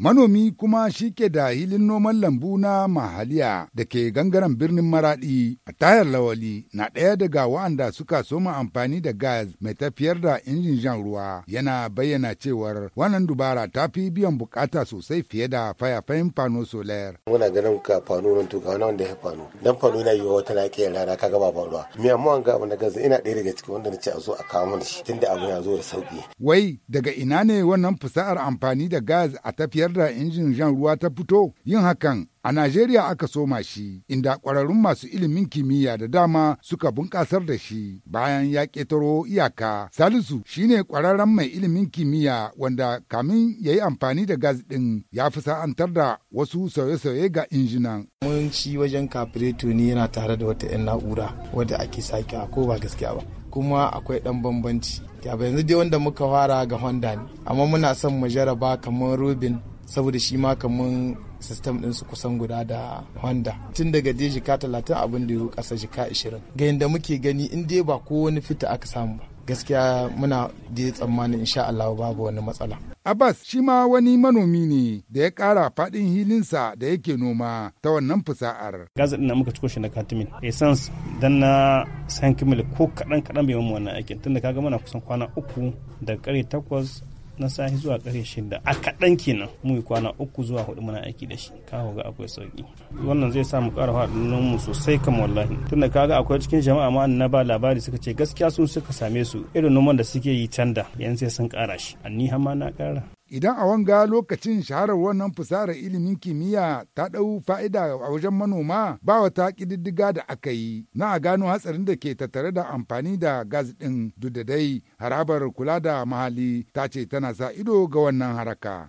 Manomi kuma shi ke da hilin noman lambu na mahaliya da ke gangaren birnin maradi a tayar lawali na ɗaya daga wa'anda suka soma amfani da gas mai tafiyar da injin jan ruwa yana bayyana cewar wannan dubara ta fi biyan bukata sosai fiye da fayafayin fano solar. Muna ganin ka fano nan tuka wani wanda ya fano dan fano na yiwa wata laƙiyar rana ka gaba ruwa Me amma an ga na gas ina ɗaya daga cikin wanda na ce a zo a kawo mana shi tunda abu ya zo da sauki. Wai daga ina ne wannan fasahar amfani da gas a tafiyar tafiyar da injin jan ruwa ta fito yin hakan a Najeriya aka soma shi inda ƙwararrun masu ilimin kimiyya da dama suka bunƙasar da shi bayan ya ƙetaro iyaka. Salisu shine ƙwararren mai ilimin kimiyya wanda kamin ya yi amfani da gas ɗin ya fi sa'antar da wasu sauye-sauye ga injinan. Yawanci wajen kafireto ne yana tare da wata 'yan na'ura wadda ake sake ko ba gaskiya ba. kuma akwai ɗan bambanci. Ya yanzu dai wanda muka fara ga Honda ne, amma muna son mu jaraba kamar Robin saboda shi ma kaman sistem din su kusan guda da honda tun daga dai jika talatin abin da ya kasa jika ashirin ga yadda muke gani in dai ba ko wani fita aka samu ba gaskiya muna da tsammani insha Allah babu wani matsala. Abbas shi ma wani manomi ne da ya kara faɗin hilinsa da yake noma ta wannan fusa'ar. Gaza ɗin muka ciko shi na katimin. Essence dan na san kimil ko kaɗan kaɗan bai mamu wannan aikin tunda kaga muna kusan kwana uku da ƙarfe takwas na sahi zuwa kare shida a kaɗan kenan mu kwana uku zuwa hudu muna aiki da shi kawo ga akwai sauki wannan zai samu mu ƙara haɗin mu sosai kama wallahi tunda kaga akwai cikin jama'a ma na ba labari suka ce gaskiya su suka same su irin noman da suke yi canda yanzu sai sun ƙara shi ni har ma na ƙara Idan a wanga lokacin shaharar wannan fusarar ilimin kimiyya ta ɗau fa'ida a wajen manoma ba wata ƙididdiga da aka yi na a gano hatsarin da ke tattare da amfani da gas ɗin dudadai harabar kula da mahali ta ce tana sa ido ga wannan haraka.